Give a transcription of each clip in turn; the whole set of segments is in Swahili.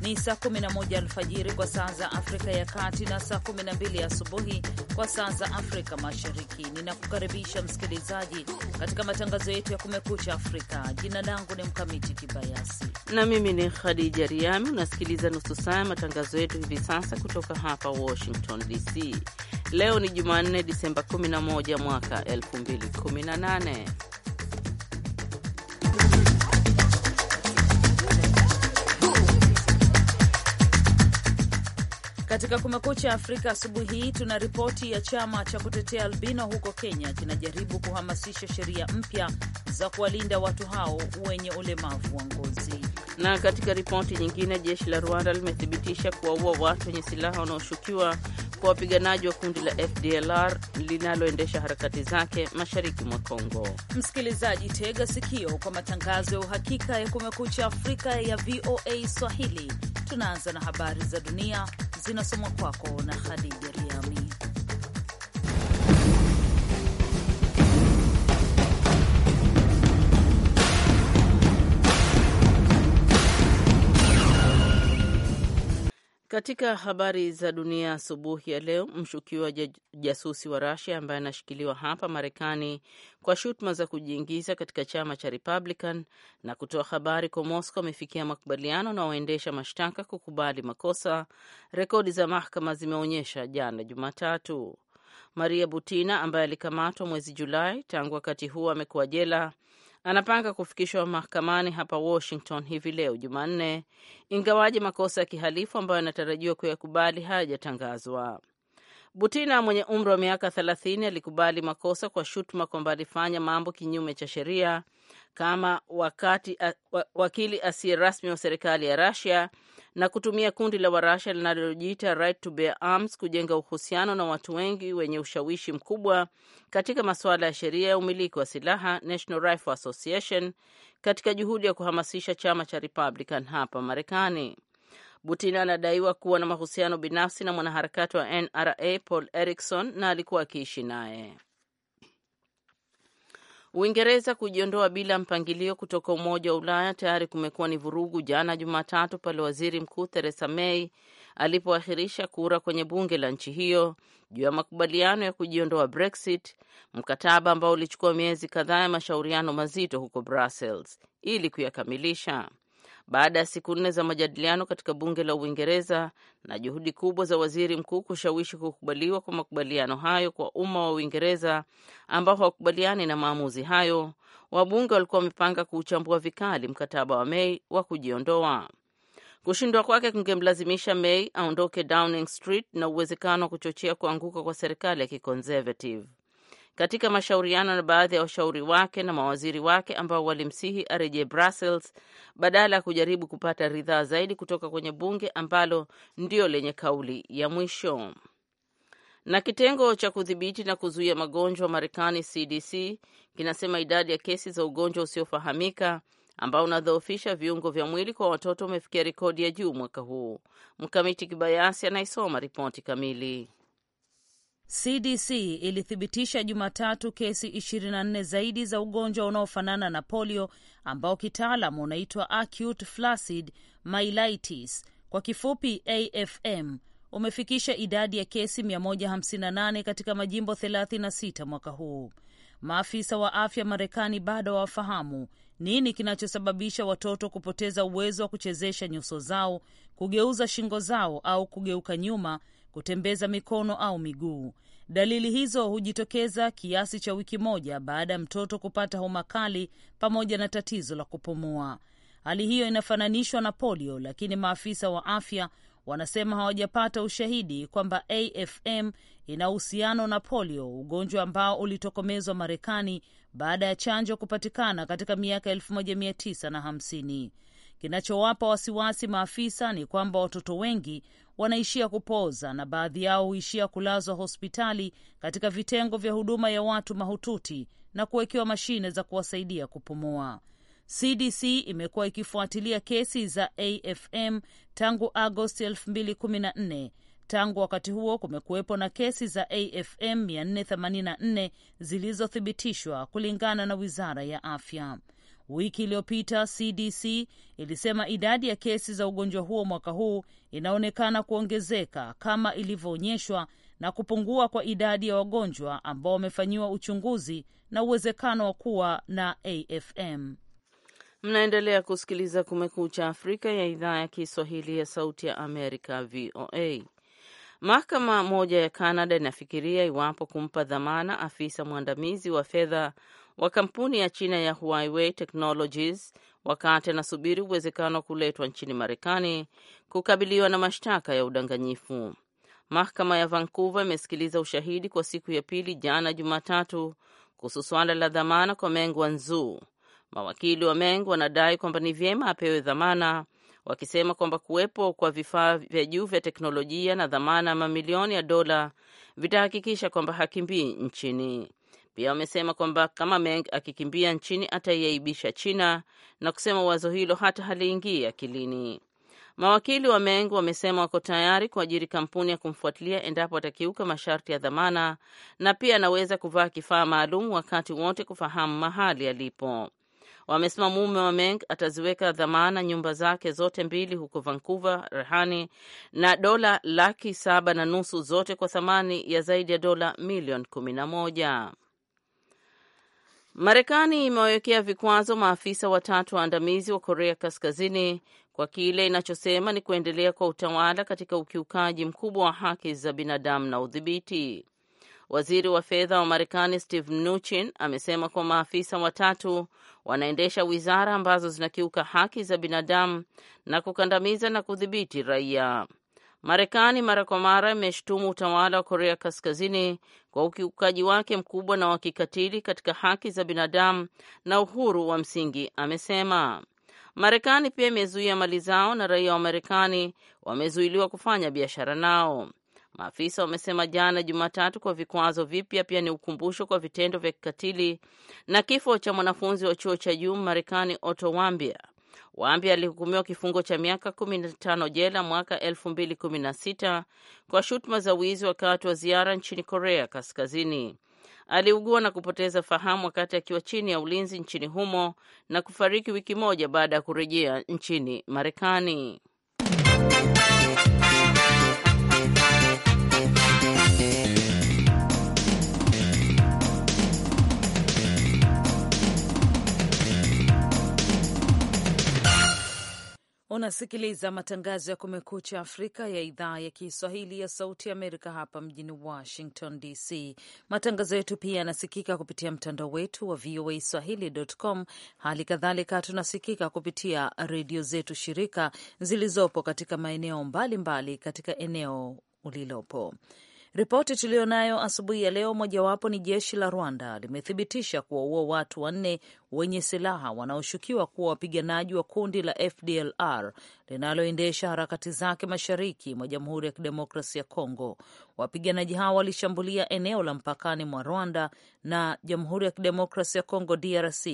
Ni saa 11 alfajiri kwa saa za Afrika ya Kati na saa 12 asubuhi kwa saa za Afrika Mashariki. Ninakukaribisha msikilizaji katika matangazo yetu ya Kumekucha Afrika. Jina langu ni Mkamiti Kibayasi na mimi ni Khadija Riami. Unasikiliza nusu saa ya matangazo yetu hivi sasa kutoka hapa Washington DC. Leo ni Jumanne, Disemba 11 mwaka 2018. Katika Kumekucha Afrika asubuhi hii tuna ripoti ya chama cha kutetea albino huko Kenya kinajaribu kuhamasisha sheria mpya za kuwalinda watu hao wenye ulemavu wa ngozi. Na katika ripoti nyingine, jeshi la Rwanda limethibitisha kuwaua watu wenye silaha wanaoshukiwa kwa wapiganaji wa kundi la FDLR linaloendesha harakati zake mashariki mwa Kongo. Msikilizaji, tega sikio kwa matangazo ya uhakika ya Kumekucha Afrika ya VOA Swahili. Tunaanza na habari za dunia zinasomwa kwako na Khadija. Katika habari za dunia asubuhi ya leo, mshukiwa jasusi wa rasia ambaye anashikiliwa hapa Marekani kwa shutuma za kujiingiza katika chama cha Republican na kutoa habari kwa Moscow amefikia makubaliano na waendesha mashtaka kukubali makosa, rekodi za mahakama zimeonyesha jana Jumatatu. Maria Butina ambaye alikamatwa mwezi Julai, tangu wakati huo amekuwa jela anapanga kufikishwa mahakamani hapa Washington hivi leo Jumanne, ingawaje makosa ya kihalifu ambayo anatarajiwa kuyakubali hayajatangazwa. Butina mwenye umri wa miaka 30 alikubali makosa kwa shutuma kwamba alifanya mambo kinyume cha sheria kama wakati wakili asiye rasmi wa serikali ya Russia na kutumia kundi la Warusia linalojiita Right to Bear Arms kujenga uhusiano na watu wengi wenye ushawishi mkubwa katika masuala ya sheria ya umiliki wa silaha, National Rifle Association, katika juhudi ya kuhamasisha chama cha Republican hapa Marekani. Butina anadaiwa kuwa na mahusiano binafsi na mwanaharakati wa NRA Paul Erickson na alikuwa akiishi naye. Uingereza kujiondoa bila mpangilio kutoka Umoja wa Ulaya tayari kumekuwa ni vurugu jana Jumatatu pale Waziri Mkuu Theresa May alipoahirisha kura kwenye bunge la nchi hiyo juu ya makubaliano ya kujiondoa Brexit, mkataba ambao ulichukua miezi kadhaa ya mashauriano mazito huko Brussels ili kuyakamilisha baada ya siku nne za majadiliano katika bunge la Uingereza na juhudi kubwa za waziri mkuu kushawishi kukubaliwa kwa makubaliano hayo kwa umma wa Uingereza ambao hawakubaliani na maamuzi hayo, wabunge walikuwa wamepanga kuuchambua vikali mkataba wa Mei wa kujiondoa. Kushindwa kwake kungemlazimisha Mei aondoke Downing Street na uwezekano wa kuchochea kuanguka kwa serikali ya kiconservative katika mashauriano na baadhi ya washauri wake na mawaziri wake ambao walimsihi arejee Brussels badala ya kujaribu kupata ridhaa zaidi kutoka kwenye bunge ambalo ndio lenye kauli ya mwisho. Na kitengo cha kudhibiti na kuzuia magonjwa Marekani CDC kinasema idadi ya kesi za ugonjwa usiofahamika ambao unadhoofisha viungo vya mwili kwa watoto umefikia rekodi ya juu mwaka huu. Mkamiti Kibayasi anaisoma ripoti kamili. CDC ilithibitisha Jumatatu kesi 24 zaidi za ugonjwa unaofanana na polio ambao kitaalam unaitwa acute flaccid myelitis, kwa kifupi AFM, umefikisha idadi ya kesi 158 katika majimbo 36 mwaka huu. Maafisa wa afya Marekani bado hawafahamu nini kinachosababisha watoto kupoteza uwezo wa kuchezesha nyuso zao, kugeuza shingo zao au kugeuka nyuma kutembeza mikono au miguu. Dalili hizo hujitokeza kiasi cha wiki moja baada ya mtoto kupata homa kali pamoja na tatizo la kupumua. Hali hiyo inafananishwa na polio, lakini maafisa wa afya wanasema hawajapata ushahidi kwamba AFM ina uhusiano na polio, ugonjwa ambao ulitokomezwa Marekani baada ya chanjo kupatikana katika miaka 1950. Kinachowapa wasiwasi maafisa ni kwamba watoto wengi wanaishia kupooza na baadhi yao huishia kulazwa hospitali katika vitengo vya huduma ya watu mahututi na kuwekewa mashine za kuwasaidia kupumua. CDC imekuwa ikifuatilia kesi za AFM tangu Agosti 2014. Tangu wakati huo kumekuwepo na kesi za AFM 484 zilizothibitishwa kulingana na wizara ya afya. Wiki iliyopita CDC ilisema idadi ya kesi za ugonjwa huo mwaka huu inaonekana kuongezeka kama ilivyoonyeshwa na kupungua kwa idadi ya wagonjwa ambao wamefanyiwa uchunguzi na uwezekano wa kuwa na AFM. Mnaendelea kusikiliza Kumekucha Afrika ya idhaa ya Kiswahili ya Sauti ya Amerika, VOA. Mahakama moja ya Kanada inafikiria iwapo kumpa dhamana afisa mwandamizi wa fedha wa kampuni ya China ya Huawei Technologies wakati anasubiri uwezekano wa kuletwa nchini Marekani kukabiliwa na mashtaka ya udanganyifu. Mahakama ya Vancouver imesikiliza ushahidi kwa siku ya pili jana Jumatatu kuhusu swala la dhamana kwa Meng Wanzuu. Mawakili wa Meng wanadai kwamba ni vyema apewe dhamana, wakisema kwamba kuwepo kwa vifaa vya juu vya teknolojia na dhamana ya mamilioni ya dola vitahakikisha kwamba hakimbii nchini. Pia wamesema kwamba kama Meng akikimbia nchini ataiaibisha China na kusema wazo hilo hata haliingii akilini. Mawakili wa Meng wamesema wako tayari kuajiri kampuni ya kumfuatilia endapo atakiuka masharti ya dhamana, na pia anaweza kuvaa kifaa maalum wakati wote kufahamu mahali alipo. Wamesema mume wa Meng ataziweka dhamana nyumba zake zote mbili huko Vancouver, Rehani, na dola laki saba na nusu zote kwa thamani ya zaidi ya dola milioni kumi na moja. Marekani imewawekea vikwazo maafisa watatu waandamizi wa Korea Kaskazini kwa kile inachosema ni kuendelea kwa utawala katika ukiukaji mkubwa wa haki za binadamu na udhibiti. Waziri wa fedha wa Marekani Steve Mnuchin amesema kuwa maafisa watatu wanaendesha wizara ambazo zinakiuka haki za binadamu na kukandamiza na kudhibiti raia. Marekani mara kwa mara imeshutumu utawala wa Korea Kaskazini kwa ukiukaji wake mkubwa na wa kikatili katika haki za binadamu na uhuru wa msingi, amesema. Marekani pia imezuia mali zao na raia wa Marekani wamezuiliwa kufanya biashara nao, maafisa wamesema jana Jumatatu. Kwa vikwazo vipya pia ni ukumbusho kwa vitendo vya kikatili na kifo cha mwanafunzi wa chuo cha juu Marekani Otto Wambia Wambi alihukumiwa kifungo cha miaka 15 jela mwaka 2016 kwa shutuma za wizi wakati wa ziara nchini Korea Kaskazini. Aliugua na kupoteza fahamu wakati akiwa chini ya ulinzi nchini humo na kufariki wiki moja baada ya kurejea nchini Marekani. Unasikiliza matangazo ya Kumekucha Afrika ya idhaa ya Kiswahili ya Sauti ya Amerika hapa mjini Washington DC. Matangazo yetu pia yanasikika kupitia mtandao wetu wa VOA Swahili.com. Hali kadhalika tunasikika kupitia redio zetu shirika zilizopo katika maeneo mbalimbali mbali katika eneo ulilopo. Ripoti nayo asubuhi ya leo, mojawapo ni jeshi la Rwanda limethibitisha kuwaua watu wanne wenye silaha wanaoshukiwa kuwa wapiganaji wa kundi la FDLR linaloendesha harakati zake mashariki mwa Jamhuri ya Kidemokrasi ya Kongo. Wapiganaji hao walishambulia eneo la mpakani mwa Rwanda na Jamhuri ya Kidemokrasi ya Kongo, DRC,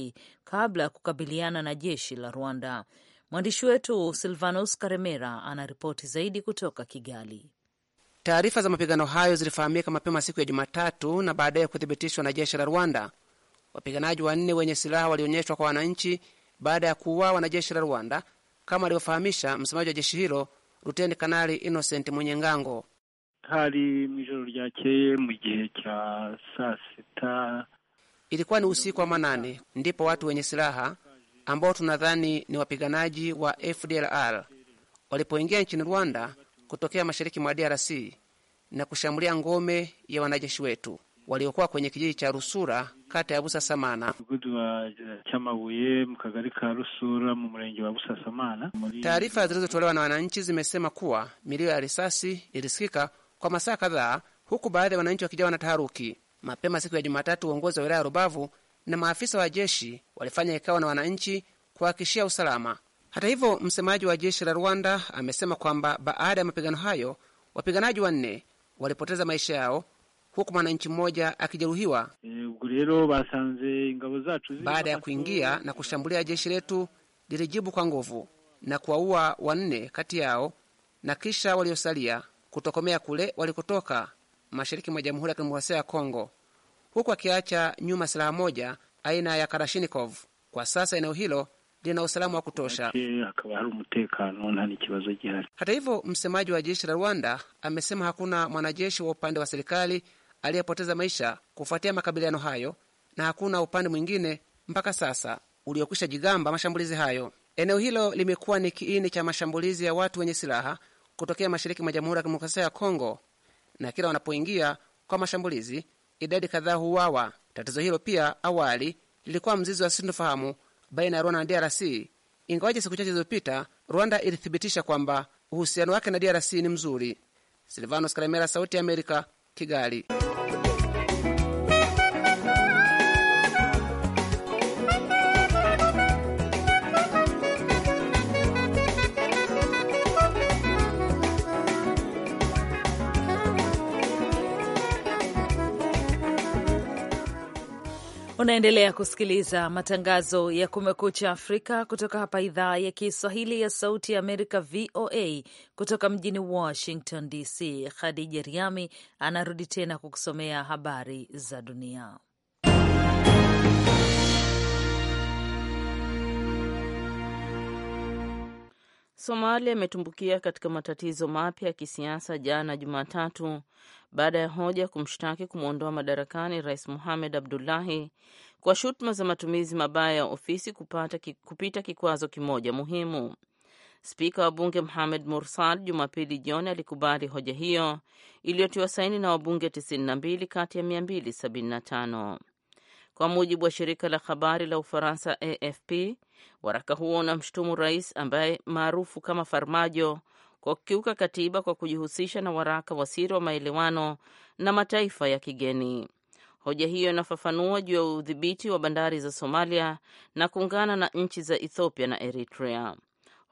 kabla ya kukabiliana na jeshi la Rwanda. Mwandishi wetu Silvanus Karemera ana ripoti zaidi kutoka Kigali. Taarifa za mapigano hayo zilifahamika mapema siku ya Jumatatu na baadaye kuthibitishwa na jeshi la Rwanda. Wapiganaji wanne wenye silaha walionyeshwa kwa wananchi baada ya kuuawa na jeshi la Rwanda, kama alivyofahamisha msemaji wa jeshi hilo Luteni Kanali Innocent Munyengango. hali mwijoro ryakeye mu gihe cha saa sita, ilikuwa ni usiku wa manane, ndipo watu wenye silaha ambao tunadhani ni wapiganaji wa FDLR walipoingia nchini Rwanda kutokea mashariki mwa DRC na kushambulia ngome ya wanajeshi wetu waliokuwa kwenye kijiji cha Rusura kata ya eh, Busasamana. Taarifa zilizotolewa na wananchi zimesema kuwa milio ya risasi ilisikika kwa masaa kadhaa, huku baadhi ya wananchi wakijawa na taharuki. Mapema siku ya Jumatatu, uongozi wa wilaya ya Rubavu na maafisa wa jeshi walifanya ikawa na wananchi kuhakikishia usalama hata hivyo, msemaji wa jeshi la Rwanda amesema kwamba baada ya mapigano hayo wapiganaji wanne walipoteza maisha yao huku mwananchi mmoja akijeruhiwa. Baada ya kuingia na kushambulia, jeshi letu lilijibu kwa nguvu na kuwaua wanne kati yao na kisha waliosalia kutokomea kule walikotoka mashariki mwa Jamhuri ya Kidemokrasia ya Kongo, huku akiacha nyuma silaha moja aina ya Kalashnikov. Kwa sasa eneo hilo lina usalama wa kutosha. Hata hivyo, msemaji wa jeshi la Rwanda amesema hakuna mwanajeshi wa upande wa serikali aliyepoteza maisha kufuatia makabiliano hayo na hakuna upande mwingine mpaka sasa uliokwisha jigamba mashambulizi hayo. Eneo hilo limekuwa ni kiini cha mashambulizi ya watu wenye silaha kutokea mashariki mwa Jamhuri ya Kidemokrasia ya Kongo, na kila wanapoingia kwa mashambulizi idadi kadhaa huuawa. Tatizo hilo pia awali lilikuwa mzizi wa sintofahamu baina ya Rwanda na DRC, ingawaje siku chache zilizopita Rwanda ilithibitisha kwamba uhusiano wake na DRC ni mzuri. Silvanos Karemera, Sauti ya Amerika, Kigali. Unaendelea kusikiliza matangazo ya Kumekucha Afrika kutoka hapa idhaa ya Kiswahili ya Sauti ya Amerika, VOA, kutoka mjini Washington DC. Khadija Riami anarudi tena kukusomea habari za dunia. Somalia imetumbukia katika matatizo mapya ya kisiasa jana Jumatatu baada ya hoja kumshtaki kumwondoa madarakani Rais Mohamed Abdullahi kwa shutuma za matumizi mabaya ya ofisi kupata, kupita kikwazo kimoja muhimu. Spika wa bunge Mohamed Mursal Jumapili jioni alikubali hoja hiyo iliyotiwa saini na wabunge 92 kati ya 275 kwa mujibu wa shirika la habari la Ufaransa AFP. Waraka huo unamshutumu rais ambaye maarufu kama Farmajo kwa kukiuka katiba kwa kujihusisha na waraka wa siri wa maelewano na mataifa ya kigeni. Hoja hiyo inafafanua juu ya udhibiti wa bandari za Somalia na kuungana na nchi za Ethiopia na Eritrea.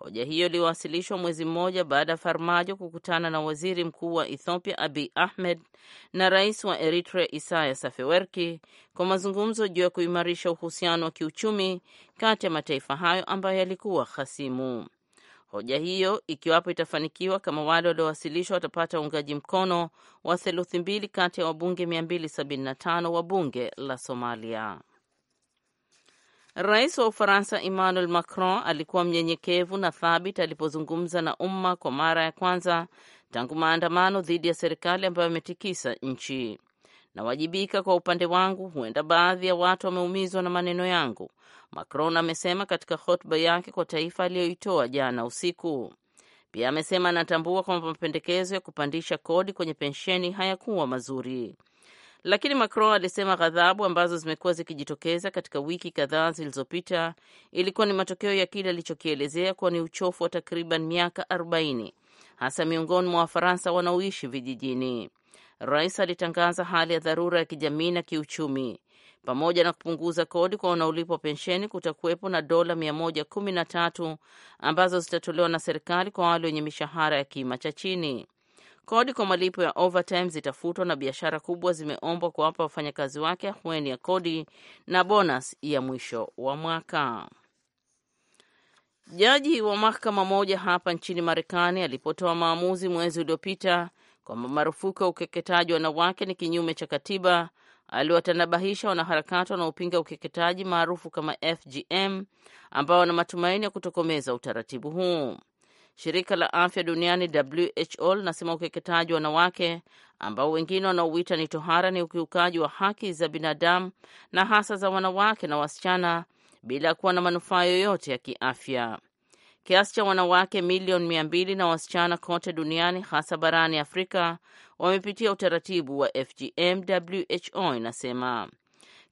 Hoja hiyo iliwasilishwa mwezi mmoja baada ya Farmajo kukutana na waziri mkuu wa Ethiopia Abiy Ahmed na rais wa Eritrea Isaias Afewerki kwa mazungumzo juu ya kuimarisha uhusiano wa kiuchumi kati ya mataifa hayo ambayo yalikuwa hasimu. Hoja hiyo ikiwapo itafanikiwa, kama wale waliowasilishwa watapata uungaji mkono wa theluthi mbili kati ya wabunge 275 wa bunge la Somalia. Rais wa Ufaransa Emmanuel Macron alikuwa mnyenyekevu na thabit alipozungumza na umma kwa mara ya kwanza tangu maandamano dhidi ya serikali ambayo ametikisa nchi. Nawajibika kwa upande wangu, huenda baadhi ya watu wameumizwa na maneno yangu, Macron amesema katika hotuba yake kwa taifa aliyoitoa jana usiku. Pia amesema anatambua kwamba mapendekezo ya kupandisha kodi kwenye pensheni hayakuwa mazuri. Lakini Macron alisema ghadhabu ambazo zimekuwa zikijitokeza katika wiki kadhaa zilizopita ilikuwa ni matokeo ya kile alichokielezea kuwa ni uchofu wa takriban miaka 40 hasa miongoni mwa Wafaransa wanaoishi vijijini. Rais alitangaza hali ya dharura ya kijamii na kiuchumi. Pamoja na kupunguza kodi kwa wanaolipwa pensheni, kutakuwepo na dola 113 ambazo zitatolewa na serikali kwa wale wenye mishahara ya kima cha chini. Kodi kwa malipo ya overtime zitafutwa na biashara kubwa zimeombwa kuwapa wafanyakazi wake ahueni ya kodi na bonus ya mwisho wa mwaka. Jaji wa mahakama moja hapa nchini Marekani alipotoa maamuzi mwezi uliopita kwamba marufuku ya ukeketaji wanawake ni kinyume cha katiba, aliwatanabahisha wanaharakati wanaopinga ukeketaji maarufu kama FGM ambao wana matumaini ya kutokomeza utaratibu huu. Shirika la afya duniani WHO linasema ukeketaji wa wanawake ambao wengine wanaouita ni tohara ni ukiukaji wa haki za binadamu na hasa za wanawake na wasichana bila ya kuwa na manufaa yoyote ya kiafya. Kiasi cha wanawake milioni mia mbili na wasichana kote duniani hasa barani Afrika wamepitia utaratibu wa FGM, WHO inasema.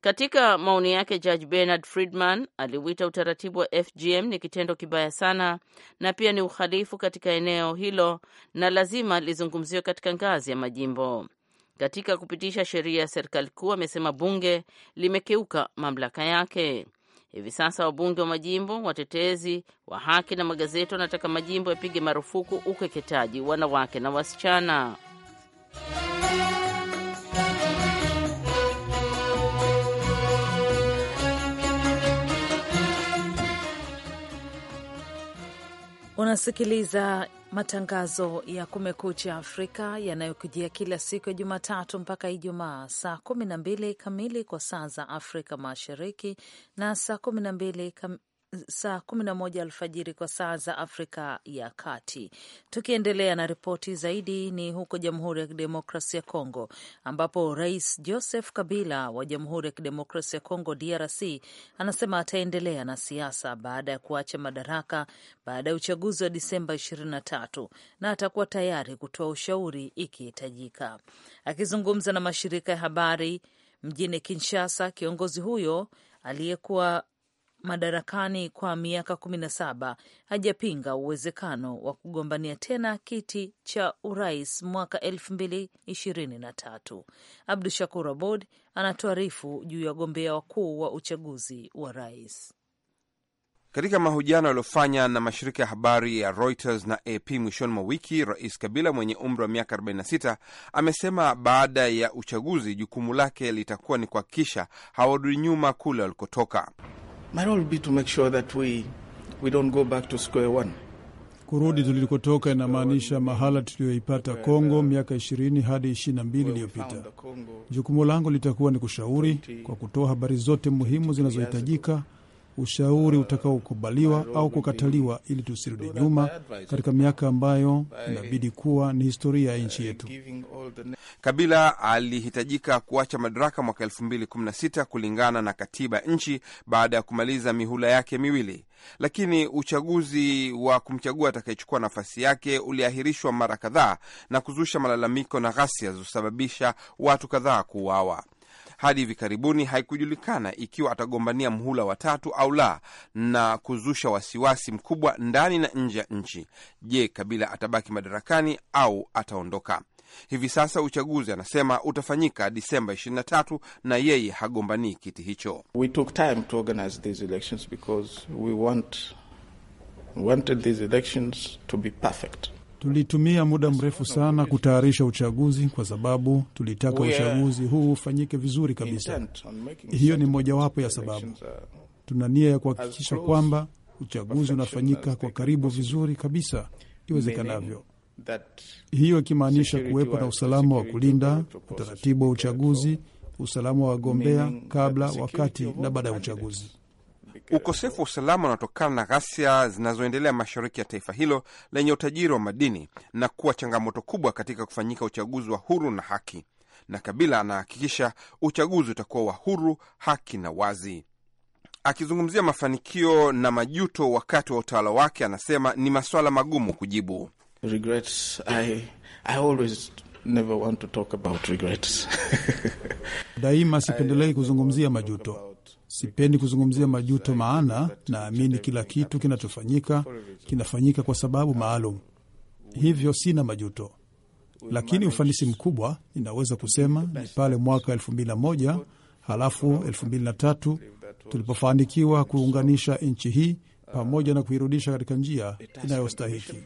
Katika maoni yake, Judge Bernard Friedman aliuita utaratibu wa FGM ni kitendo kibaya sana na pia ni uhalifu katika eneo hilo na lazima lizungumziwe katika ngazi ya majimbo. Katika kupitisha sheria ya serikali kuu, amesema bunge limekiuka mamlaka yake. Hivi sasa wabunge wa majimbo, watetezi wa haki na magazeti wanataka majimbo yapige marufuku ukeketaji wanawake na wasichana. Unasikiliza matangazo ya Kumekucha Afrika yanayokujia kila siku ya Jumatatu mpaka Ijumaa saa kumi na mbili kamili kwa saa za Afrika Mashariki na saa mbili kam saa 11 alfajiri kwa saa za Afrika ya Kati. Tukiendelea na ripoti zaidi, ni huko Jamhuri ya Kidemokrasia ya Kongo ambapo Rais Joseph Kabila wa Jamhuri ya Kidemokrasia ya Kongo, DRC, anasema ataendelea na siasa baada ya kuacha madaraka baada ya uchaguzi wa Disemba 23 na atakuwa tayari kutoa ushauri ikihitajika. Akizungumza na mashirika ya habari mjini Kinshasa, kiongozi huyo aliyekuwa madarakani kwa miaka kumi na saba hajapinga uwezekano wa kugombania tena kiti cha urais mwaka elfu mbili ishirini na tatu. Abdu Shakur Abod anatuarifu juu ya wagombea wakuu wa uchaguzi wa rais. Katika mahojiano aliyofanya na mashirika ya habari ya Reuters na AP mwishoni mwa wiki, Rais Kabila mwenye umri wa miaka 46 amesema baada ya uchaguzi jukumu lake litakuwa ni kuhakikisha hawarudi nyuma kule walikotoka. My role will be to make sure that we, we don't go back to square one. Kurudi tulikotoka inamaanisha mahala tuliyoipata Kongo miaka 20 hadi 22 iliyopita. Jukumu langu litakuwa ni kushauri kwa kutoa habari zote muhimu zinazohitajika ushauri utakaokubaliwa au kukataliwa, ili tusirudi nyuma katika miaka ambayo inabidi kuwa ni historia ya nchi yetu. Kabila alihitajika kuacha madaraka mwaka elfu sita kulingana na katiba nchi baada ya kumaliza mihula yake miwili, lakini uchaguzi wa kumchagua atakayechukua nafasi yake uliahirishwa mara kadhaa na kuzusha malalamiko na ghasia zilizosababisha watu kadhaa kuuawa. Hadi hivi karibuni haikujulikana ikiwa atagombania mhula wa tatu au la, na kuzusha wasiwasi mkubwa ndani na nje ya nchi. Je, Kabila atabaki madarakani au ataondoka? Hivi sasa uchaguzi anasema utafanyika Disemba 23 na yeye hagombanii kiti hicho. We took time to organize these elections because we want, wanted these elections to be perfect. Tulitumia muda mrefu sana kutayarisha uchaguzi kwa sababu tulitaka uchaguzi huu ufanyike vizuri kabisa. Hiyo ni mojawapo ya sababu. Uh, Tuna nia ya kuhakikisha kwamba uchaguzi unafanyika kwa karibu vizuri kabisa iwezekanavyo, hiyo ikimaanisha kuwepo na usalama wa kulinda utaratibu wa uchaguzi, usalama wa wagombea kabla, wakati na baada ya uchaguzi. Ukosefu wa usalama unatokana na ghasia zinazoendelea mashariki ya taifa hilo lenye utajiri wa madini na kuwa changamoto kubwa katika kufanyika uchaguzi wa huru na haki, na Kabila anahakikisha uchaguzi utakuwa wa huru, haki na wazi. Akizungumzia mafanikio na majuto wakati wa utawala wake, anasema ni maswala magumu kujibu. Regrets, I, I always never want to talk about regrets. Daima sipendelei kuzungumzia majuto Sipendi kuzungumzia majuto, maana naamini kila kitu kinachofanyika kinafanyika kwa sababu maalum, hivyo sina majuto. Lakini ufanisi mkubwa ninaweza kusema ni pale mwaka 2001 halafu 2003 tulipofanikiwa kuunganisha nchi hii pamoja na kuirudisha katika njia inayostahiki.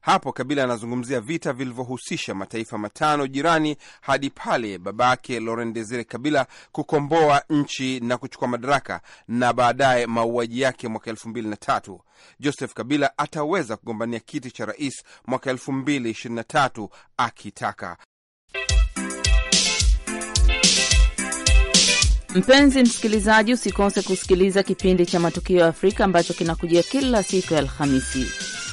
Hapo Kabila anazungumzia vita vilivyohusisha mataifa matano jirani hadi pale babake Laurent Desire Kabila kukomboa nchi na kuchukua madaraka na baadaye mauaji yake mwaka elfu mbili na tatu. Joseph Kabila ataweza kugombania kiti cha rais mwaka elfu mbili ishirini na tatu akitaka. Mpenzi msikilizaji, usikose kusikiliza kipindi cha Matukio ya Afrika ambacho kinakujia kila siku ya Alhamisi.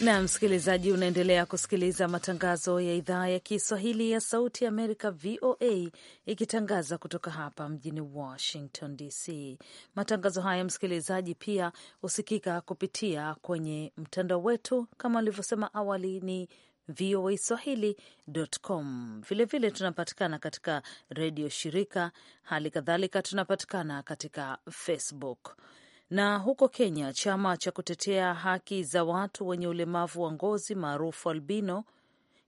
na msikilizaji, unaendelea kusikiliza matangazo ya idhaa ya Kiswahili ya Sauti ya Amerika, VOA, ikitangaza kutoka hapa mjini Washington DC. Matangazo haya, msikilizaji, pia husikika kupitia kwenye mtandao wetu kama alivyosema awali ni VOA Swahili.com. Vilevile tunapatikana katika redio shirika, hali kadhalika tunapatikana katika Facebook. Na huko Kenya, chama cha kutetea haki za watu wenye ulemavu wa ngozi maarufu albino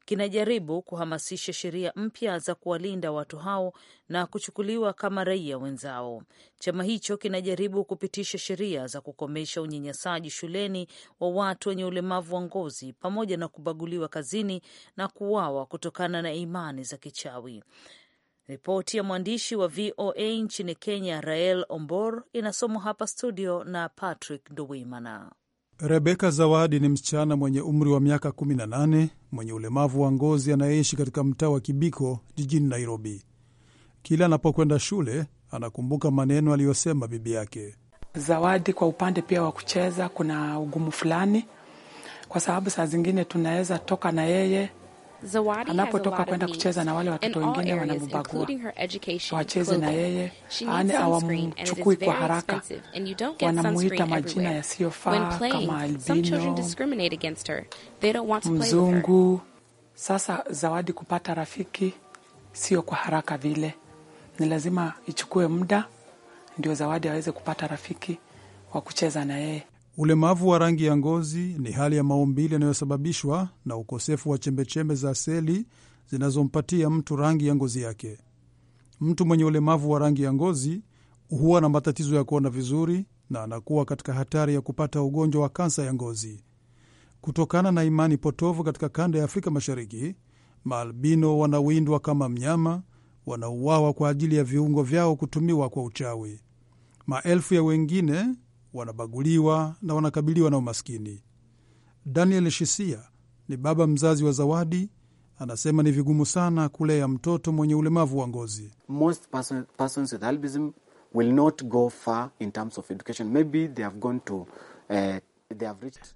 kinajaribu kuhamasisha sheria mpya za kuwalinda watu hao na kuchukuliwa kama raia wenzao. Chama hicho kinajaribu kupitisha sheria za kukomesha unyanyasaji shuleni wa watu wenye ulemavu wa ngozi pamoja na kubaguliwa kazini na kuuawa kutokana na imani za kichawi. Ripoti ya mwandishi wa VOA nchini Kenya, Rael Ombor, inasomwa hapa studio na Patrick Nduwimana. Rebeka Zawadi ni msichana mwenye umri wa miaka 18 mwenye ulemavu wa ngozi anayeishi katika mtaa wa Kibiko jijini Nairobi. Kila anapokwenda shule anakumbuka maneno aliyosema bibi yake Zawadi. Kwa upande pia wa kucheza, kuna ugumu fulani, kwa sababu saa zingine tunaweza toka na yeye anapotoka kwenda kucheza na wale watoto wengine wanamubagua, wacheze na yeye, ani awamchukui kwa haraka. Wanamuita majina yasiyofaa kama albino, mzungu. Sasa Zawadi kupata rafiki sio kwa haraka vile, ni lazima ichukue muda ndio Zawadi aweze kupata rafiki wa kucheza na yeye. Ulemavu wa rangi ya ngozi ni hali ya maumbili yanayosababishwa na ukosefu wa chembechembe za seli zinazompatia mtu rangi ya ngozi yake. Mtu mwenye ulemavu wa rangi ya ngozi huwa na matatizo ya kuona vizuri na anakuwa katika hatari ya kupata ugonjwa wa kansa ya ngozi. Kutokana na imani potovu katika kanda ya Afrika Mashariki, maalbino wanawindwa kama mnyama, wanauawa kwa ajili ya viungo vyao kutumiwa kwa uchawi. Maelfu ya wengine wanabaguliwa na wanakabiliwa na umaskini. Daniel Shisia ni baba mzazi wa Zawadi. Anasema ni vigumu sana kulea mtoto mwenye ulemavu wa ngozi. Eh,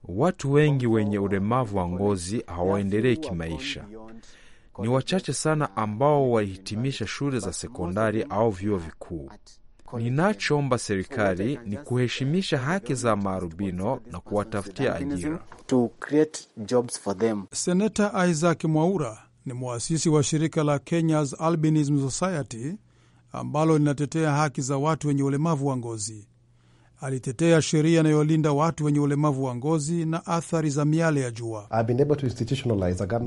Watu wengi wenye ulemavu wa ngozi hawaendelei kimaisha. Ni wachache sana ambao walihitimisha shule za sekondari au vyuo vikuu. Ninachoomba serikali ni kuheshimisha haki za maarubino na kuwatafutia ajira. senata Isaac Mwaura ni mwasisi wa shirika la Kenya's Albinism Society ambalo linatetea haki za watu wenye ulemavu wa ngozi. Alitetea sheria inayolinda watu wenye ulemavu wa ngozi na athari za miale ya jua.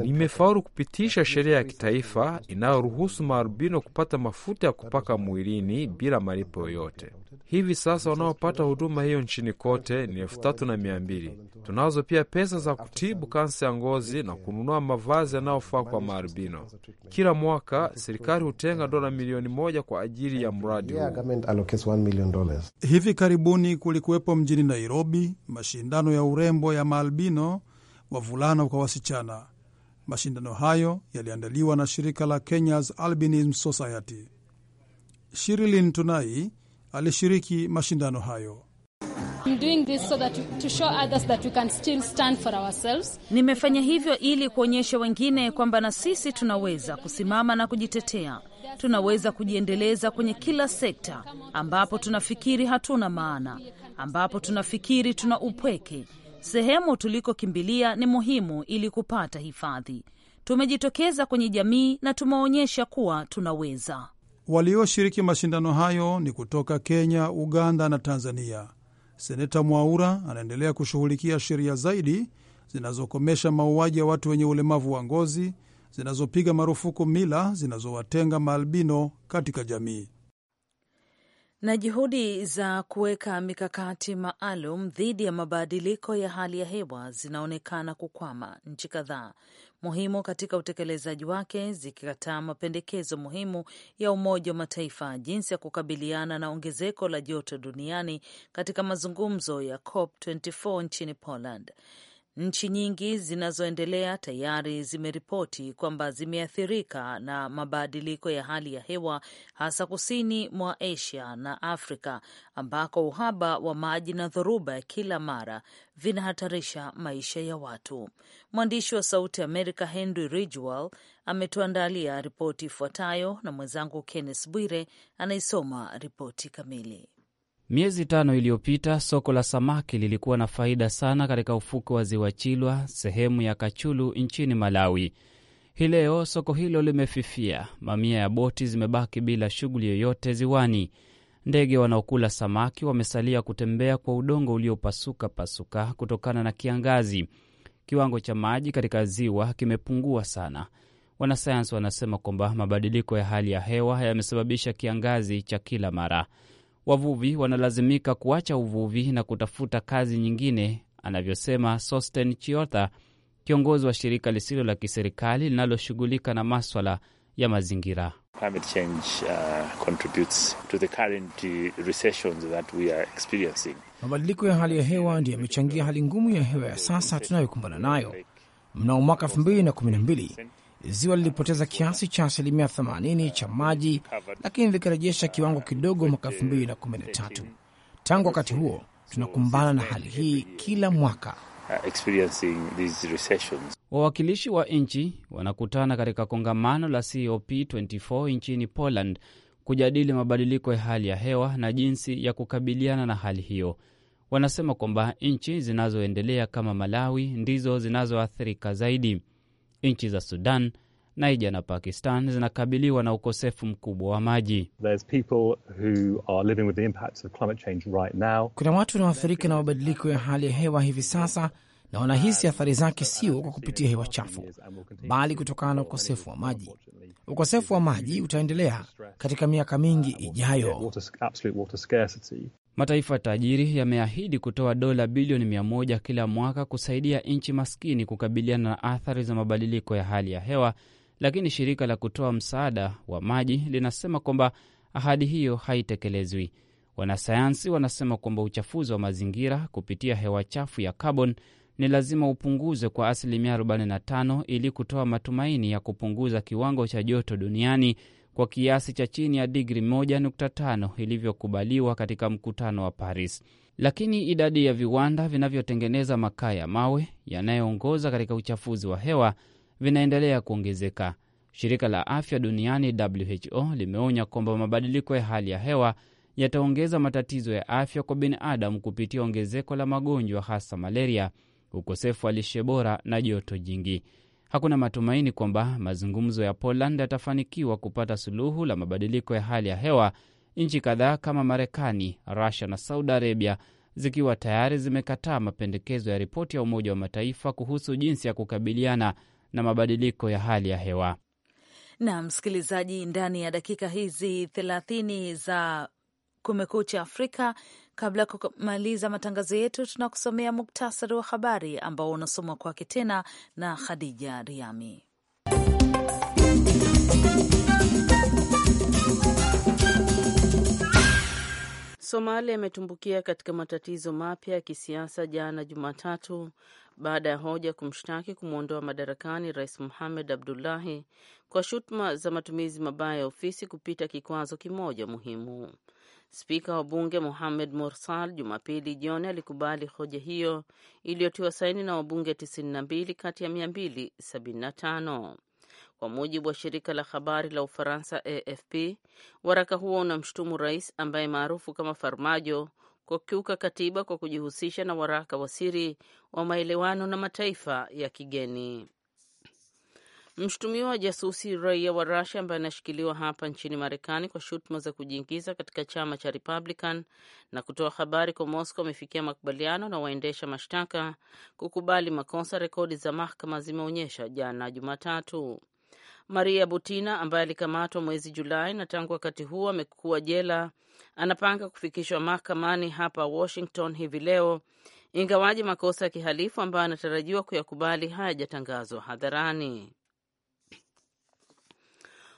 Nimefaulu kupitisha sheria ya kitaifa inayoruhusu maarubino kupata mafuta ya kupaka mwilini bila malipo yoyote. Hivi sasa wanaopata huduma hiyo nchini kote ni elfu tatu na mia mbili. Tunazo pia pesa za kutibu kansa ya ngozi na kununua mavazi yanayofaa kwa maarbino. Kila mwaka serikali hutenga dola milioni moja kwa ajili ya mradi huu. Hivi karibuni kulikuwepo mjini Nairobi mashindano ya urembo ya maalbino, wavulana kwa wasichana. Mashindano hayo yaliandaliwa na shirika la Kenya's Albinism Society. Shirilin Tunai alishiriki mashindano hayo. So nimefanya hivyo ili kuonyesha wengine kwamba na sisi tunaweza kusimama na kujitetea, tunaweza kujiendeleza kwenye kila sekta ambapo tunafikiri hatuna maana, ambapo tunafikiri tuna upweke. Sehemu tulikokimbilia ni muhimu ili kupata hifadhi. Tumejitokeza kwenye jamii na tumeonyesha kuwa tunaweza. Walioshiriki mashindano hayo ni kutoka Kenya, Uganda na Tanzania. Seneta Mwaura anaendelea kushughulikia sheria zaidi zinazokomesha mauaji ya watu wenye ulemavu wa ngozi, zinazopiga marufuku mila zinazowatenga maalbino katika jamii na juhudi za kuweka mikakati maalum dhidi ya mabadiliko ya hali ya hewa zinaonekana kukwama nchi kadhaa muhimu katika utekelezaji wake, zikikataa mapendekezo muhimu ya Umoja wa Mataifa jinsi ya kukabiliana na ongezeko la joto duniani katika mazungumzo ya COP 24 nchini Poland. Nchi nyingi zinazoendelea tayari zimeripoti kwamba zimeathirika na mabadiliko ya hali ya hewa, hasa kusini mwa Asia na Afrika ambako uhaba wa maji na dhoruba ya kila mara vinahatarisha maisha ya watu. Mwandishi wa Sauti Amerika Henry Ridgewell ametuandalia ripoti ifuatayo, na mwenzangu Kenneth Bwire anaisoma ripoti kamili. Miezi tano iliyopita soko la samaki lilikuwa na faida sana katika ufuko wa ziwa Chilwa, sehemu ya Kachulu nchini Malawi. Hii leo soko hilo limefifia, mamia ya boti zimebaki bila shughuli yoyote ziwani. Ndege wanaokula samaki wamesalia kutembea kwa udongo uliopasuka pasuka kutokana na kiangazi. Kiwango cha maji katika ziwa kimepungua sana. Wanasayansi wanasema kwamba mabadiliko ya hali ya hewa yamesababisha kiangazi cha kila mara wavuvi wanalazimika kuacha uvuvi na kutafuta kazi nyingine, anavyosema Sosten Chiotha, kiongozi wa shirika lisilo la kiserikali linaloshughulika na maswala ya mazingira. Uh, uh, Mabadiliko ya hali ya hewa ndiyo yamechangia hali ngumu ya hewa ya sasa tunayokumbana nayo. Mnamo mwaka 2012 ziwa lilipoteza kiasi cha asilimia 80 cha maji, lakini likarejesha kiwango kidogo mwaka 2013. Tangu wakati huo tunakumbana na hali hii kila mwaka. Wawakilishi wa nchi wanakutana katika kongamano la COP24 nchini Poland kujadili mabadiliko ya hali ya hewa na jinsi ya kukabiliana na hali hiyo. Wanasema kwamba nchi zinazoendelea kama Malawi ndizo zinazoathirika zaidi. Nchi za Sudan, Niger na Pakistan zinakabiliwa na ukosefu mkubwa wa maji. Right, kuna watu wanaoathirika na mabadiliko ya hali ya hewa hivi sasa na wanahisi athari zake, sio kwa kupitia hewa chafu, bali kutokana na ukosefu wa maji. Ukosefu wa maji utaendelea katika miaka mingi ijayo. Mataifa tajiri yameahidi kutoa dola bilioni mia moja kila mwaka kusaidia nchi maskini kukabiliana na athari za mabadiliko ya hali ya hewa, lakini shirika la kutoa msaada wa maji linasema kwamba ahadi hiyo haitekelezwi. Wanasayansi wanasema kwamba uchafuzi wa mazingira kupitia hewa chafu ya carbon ni lazima upunguzwe kwa asilimia 45 ili kutoa matumaini ya kupunguza kiwango cha joto duniani kwa kiasi cha chini ya digri 1.5 ilivyokubaliwa katika mkutano wa Paris, lakini idadi ya viwanda vinavyotengeneza makaa ya mawe yanayoongoza katika uchafuzi wa hewa vinaendelea kuongezeka. Shirika la Afya Duniani WHO limeonya kwamba mabadiliko ya hali ya hewa yataongeza matatizo ya afya kwa binadamu kupitia ongezeko la magonjwa hasa malaria, ukosefu wa lishe bora na joto jingi hakuna matumaini kwamba mazungumzo ya Poland yatafanikiwa kupata suluhu la mabadiliko ya hali ya hewa, nchi kadhaa kama Marekani, Rusia na Saudi Arabia zikiwa tayari zimekataa mapendekezo ya ripoti ya Umoja wa Mataifa kuhusu jinsi ya kukabiliana na mabadiliko ya hali ya hewa. Na msikilizaji, ndani ya dakika hizi thelathini za Kumekucha Afrika Kabla ya kumaliza matangazo yetu, tunakusomea muktasari wa habari ambao unasomwa kwake tena na Khadija Riami. Somalia imetumbukia katika matatizo mapya ya kisiasa jana Jumatatu baada ya hoja kumshtaki kumwondoa madarakani Rais Mohamed Abdullahi kwa shutuma za matumizi mabaya ya ofisi kupita kikwazo kimoja muhimu. Spika wa bunge Mohamed Mursal Jumapili jioni alikubali hoja hiyo iliyotiwa saini na wabunge 92 kati ya 275. Kwa mujibu wa shirika la habari la Ufaransa AFP, waraka huo unamshutumu rais ambaye maarufu kama Farmajo kwa kukiuka katiba kwa kujihusisha na waraka wa siri wa maelewano na mataifa ya kigeni. Mshutumiwa wa jasusi raia wa Rusia ambaye anashikiliwa hapa nchini Marekani kwa shutuma za kujiingiza katika chama cha Republican na kutoa habari kwa Moscow amefikia makubaliano na waendesha mashtaka kukubali makosa, rekodi za mahakama zimeonyesha jana Jumatatu. Maria Butina ambaye alikamatwa mwezi Julai na tangu wakati huo amekuwa jela, anapanga kufikishwa mahakamani hapa Washington hivi leo, ingawaji makosa ya kihalifu ambayo anatarajiwa kuyakubali hayajatangazwa hadharani.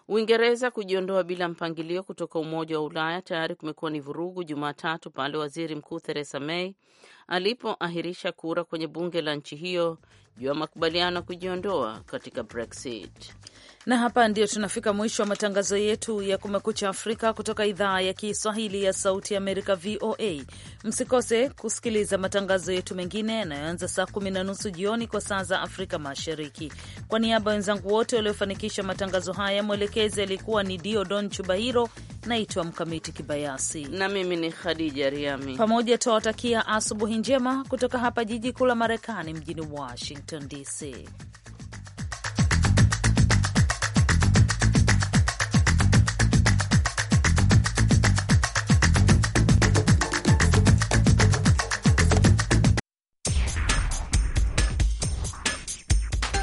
Uingereza kujiondoa bila mpangilio kutoka Umoja wa Ulaya tayari kumekuwa ni vurugu Jumatatu pale waziri mkuu Theresa May alipoahirisha kura kwenye bunge la nchi hiyo juu ya makubaliano ya kujiondoa katika Brexit. Na hapa ndio tunafika mwisho wa matangazo yetu ya Kumekucha Afrika kutoka idhaa ya Kiswahili ya Sauti ya Amerika, VOA. Msikose kusikiliza matangazo yetu mengine yanayoanza saa kumi na nusu jioni kwa saa za Afrika Mashariki. Kwa niaba ya wenzangu wote waliofanikisha matangazo haya, mwelekezi alikuwa ni Diodon Chubahiro. Naitwa Mkamiti Kibayasi na mimi ni Khadija Riami, pamoja tunawatakia asubuhi njema kutoka hapa jiji kuu la Marekani, mjini Washington DC.